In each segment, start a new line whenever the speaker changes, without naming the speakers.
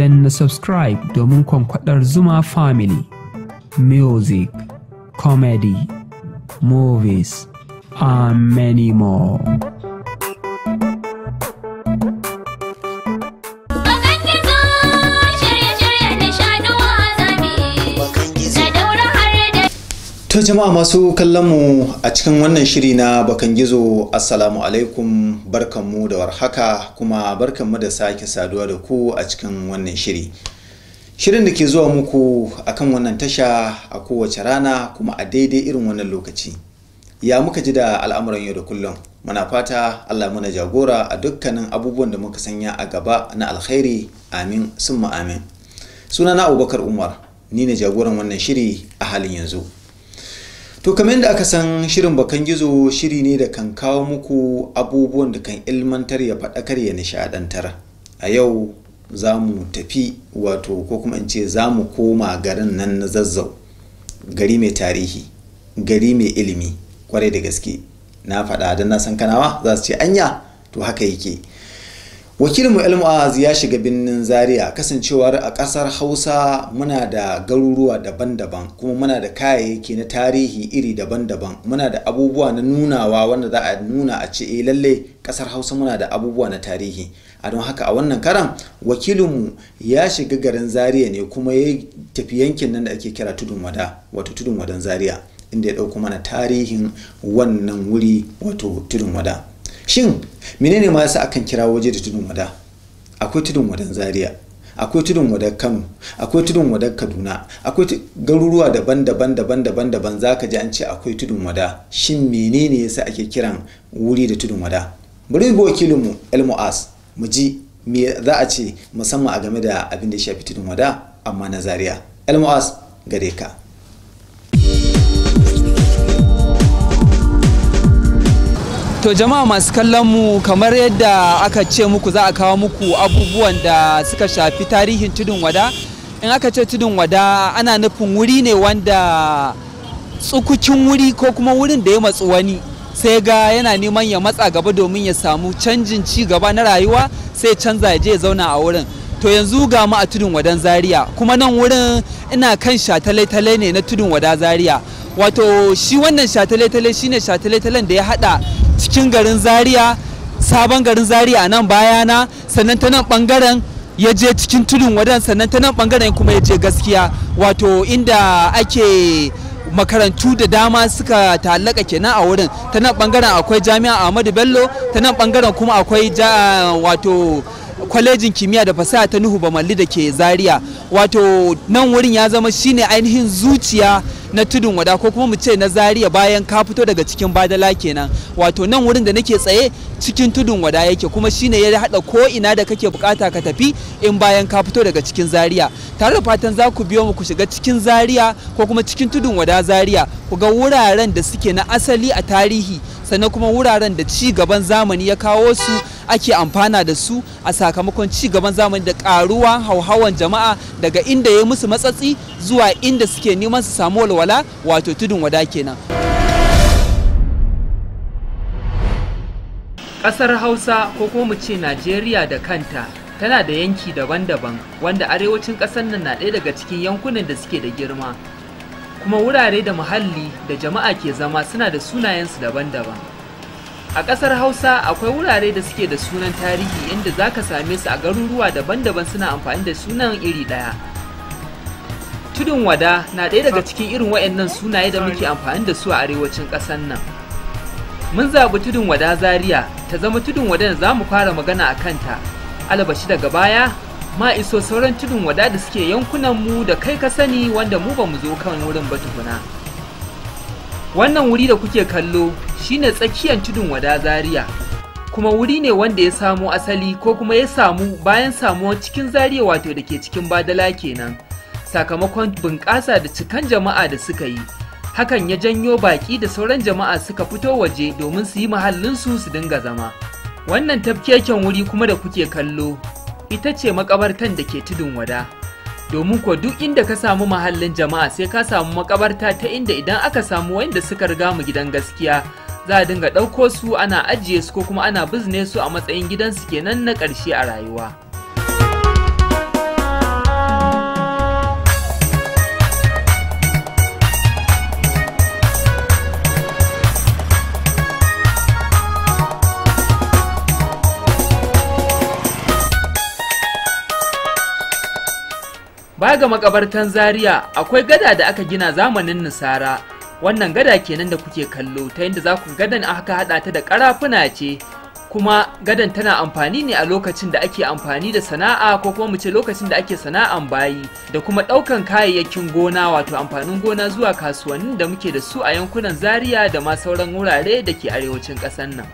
dan na subscribe domin kwankwadar Zuma Family, music, comedy, movies, and many more.
To jama'a masu kallon mu a cikin wannan shiri na bakan gizo assalamu alaikum barkanmu da warhaka kuma barkanmu da sake saduwa da ku a cikin wannan shiri. Shirin da ke zuwa muku akan wannan tasha a kowace rana kuma a daidai irin wannan lokaci. Ya muka ji da al'amuran yau da kullum muna fata Allah muna jagora a dukkanin abubuwan da muka sanya a gaba na alkhairi amin summa amin. Sunana Abubakar Umar ni ne jagoran wannan shiri a halin yanzu. To kamar yadda aka san shirin bakan gizo shiri ne da kan kawo muku abubuwan da kan ilmantar ya faɗakar ya nishaɗantar. A yau za mu tafi wato ko kuma in ce za mu koma garin nan na zazzau gari mai tarihi gari mai ilimi kwarai da gaske na faɗa don na san kanawa za su ce anya to haka yake wakilinmu elmu'az ya shiga birnin zaria kasancewar a kasar hausa muna da garuruwa daban-daban kuma muna da kayayyaki na tarihi iri daban-daban muna da abubuwa na nunawa wanda za a nuna a ce eh lalle kasar hausa muna da abubuwa na tarihi a don haka a wannan karan wakilinmu ya shiga garin zaria ne kuma ya tafi yankin nan da ake kira tudun wada wato tudun wadan zaria inda ya ɗauko mana tarihin wannan wuri wato tudun wada shin menene ma yasa akan kira waje da tudun wada akwai tudun wadan zaria akwai tudun wadar kano akwai tudun wadar kaduna akwai garuruwa daban-daban daban-daban daban za ka ji an ce akwai tudun wada shin menene yasa ake kiran wuri da tudun wada bari ga wakilinmu el mu ji me za a ce musamman a game da abin da ya shafi tudun wada amma na zaria el gare ka
To jama'a masu kallon mu kamar yadda aka ce muku za a kawo muku abubuwan da suka shafi tarihin tudun wada. In aka ce tudun wada ana nufin wuri ne wanda tsukukin wuri ko kuma wurin da ya matsu wani sai ga yana neman ya matsa gaba domin ya samu canjin ci gaba na rayuwa sai canza ya je ya zauna a wurin. to yanzu ga mu a tudun wadan zaria kuma nan wurin ina kan shatale-tale ne na tudun wada zaria wato shi wannan shatale-tale shine shatale-talen da ya hada cikin garin zaria sabon garin zaria a nan bayana sannan ta nan bangaren ya je cikin tudun wadan sannan ta nan bangaren kuma ya je gaskiya wato inda ake makarantu da dama suka tallaka kenan a wurin ta nan bangaren akwai jami'a ahmadu bello ta nan bangaren kuma akwai wato kwalejin kimiyya da fasaha ta nuhu bamalli da ke zaria wato nan wurin ya zama shine ainihin zuciya na tudun wada ko kuma mu ce na zaria bayan ka fito daga cikin badala kenan wato nan wurin da nake tsaye cikin tudun wada yake kuma shine ya hada ko ina da kake bukata ka tafi in bayan ka fito daga cikin zaria tare da fatan za ku biyo mu ku shiga cikin zaria ko kuma cikin tudun wada zaria ku ga wuraren da suke na asali a tarihi sannan kuma wuraren da ci gaban zamani ya kawo su ake amfana da su a sakamakon ci gaban zamani da karuwa hauhawan jama'a daga inda ya musu matsatsi zuwa inda suke neman su samu walwala wato tudun wada kenan ƙasar hausa ko kuma mu ce najeriya da kanta tana da yanki daban-daban wanda arewacin ƙasar nan na ɗaya daga cikin yankunan da suke da girma kuma wurare da muhalli da jama'a ke zama suna da sunayensu daban-daban A ƙasar Hausa akwai wurare da suke da sunan tarihi inda za ka same su a garuruwa daban-daban suna amfani da sunan iri ɗaya. Tudun wada na ɗaya daga cikin irin waɗannan sunaye da muke amfani da su a arewacin ƙasar nan. Mun zaɓi tudun wada Zaria ta zama tudun wada da za mu fara magana a kanta. Albashi daga baya ma iso sauran tudun wada da suke yankunan mu da kai ka sani wanda mu ba mu zo kan wurin ba tukuna. Wannan wuri da kuke kallo shine tsakiyar tudun wada zaria kuma wuri ne wanda ya samo asali ko kuma ya samu bayan samuwar cikin zaria wato da ke cikin badala kenan sakamakon bunƙasa da cikan jama'a da suka yi hakan ya janyo baƙi da sauran jama'a suka fito waje domin su yi mahallinsu su dinga zama wannan tafkeken wuri kuma da kuke kallo ita ce makabartan da ke tudun wada domin ko duk inda ka samu mahallin jama'a sai ka samu makabarta ta inda idan aka samu wanda suka riga mu gidan gaskiya za a dinga ɗauko su ana ajiye su ko kuma ana bizne su a matsayin gidansu kenan na ƙarshe a rayuwa. Baya ga makabartan Zaria akwai gada da aka gina zamanin Nisara wannan gada kenan da kuke kallo ta yadda za ku gadan aka haɗa ta da ƙarafuna ce kuma gadan tana amfani ne a lokacin da ake amfani da sana'a ko kuma mu ce lokacin da ake sana'an bayi da kuma ɗaukan kayayyakin gona wato amfanin gona zuwa kasuwannin da muke da su a yankunan zaria da ma sauran wurare da ke arewacin ƙasar nan.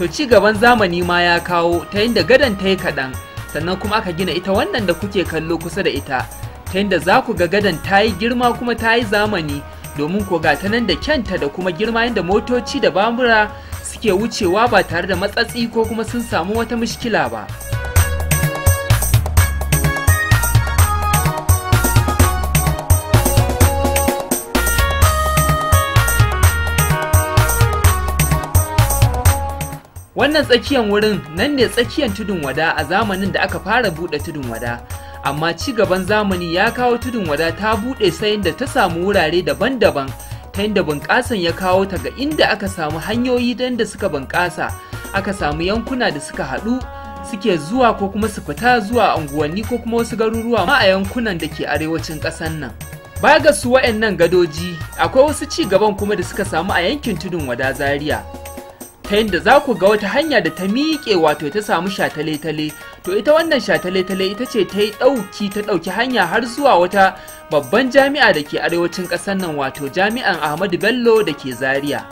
to ci gaban zamani ma ya kawo ta yadda gadon ta yi kaɗan sannan kuma aka gina ita wannan da kuke kallo kusa da ita ta yadda za ku ga gadon ta yi girma kuma ta yi zamani domin ko ga ta nan da kyanta da kuma girma yadda motoci da bambura suke wucewa ba tare da matsatsi ko kuma sun samu wata mushkila ba. Wannan tsakiyan wurin nan ne tsakiyan tudun wada a zamanin da aka fara buɗe tudun wada. Amma ci gaban zamani ya kawo tudun wada ta buɗe sayin da ta samu wurare daban-daban ta inda bunƙasan ya kawo ta ga inda aka samu hanyoyi don da suka bunƙasa aka samu yankuna da suka haɗu suke zuwa ko kuma su fita zuwa unguwanni ko kuma wasu garuruwa ma a yankunan da ke arewacin ƙasar nan. Baya ga su waɗannan gadoji akwai wasu ci gaban kuma da suka samu a yankin tudun wada zaria. ta yadda za ku ga wata hanya da ta miƙe wato ta samu shatale-tale to ita wannan shatale-tale ita ce ta yi ɗauki ta ɗauki hanya har zuwa wata babban jami'a da ke arewacin ƙasar nan wato jami'an ahmadu bello da ke zaria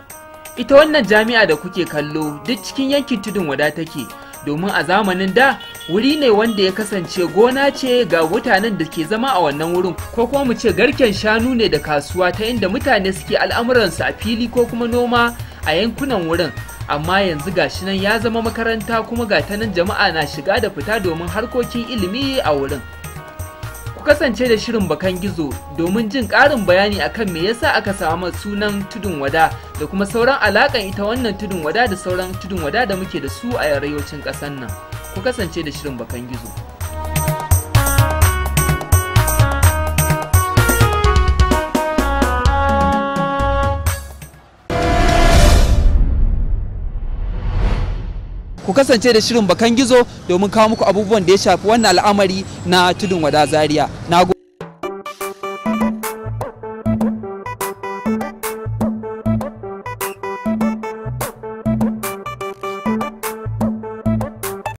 ita wannan jami'a da kuke kallo duk cikin yankin tudun wada take domin a zamanin da wuri ne wanda ya kasance gona ce ga mutanen da ke zama a wannan wurin ko kuma mu ce garken shanu ne da kasuwa ta inda mutane suke al'amuransu a fili ko kuma noma a yankunan wurin amma yanzu ga shi nan ya zama makaranta kuma ga ta nan jama'a na shiga da fita domin harkokin ilimi a wurin ku kasance da shirin bakan gizo domin jin ƙarin bayani akan me yasa aka samu sunan tudun wada da kuma sauran alaƙan ita wannan tudun wada da sauran tudun wada da muke da su a yarayocin ƙasar nan ku kasance da shirin bakan gizo ku kasance da shirin bakan gizo domin kawo muku abubuwan da ya shafi wannan al'amari na tudun wada Zariya.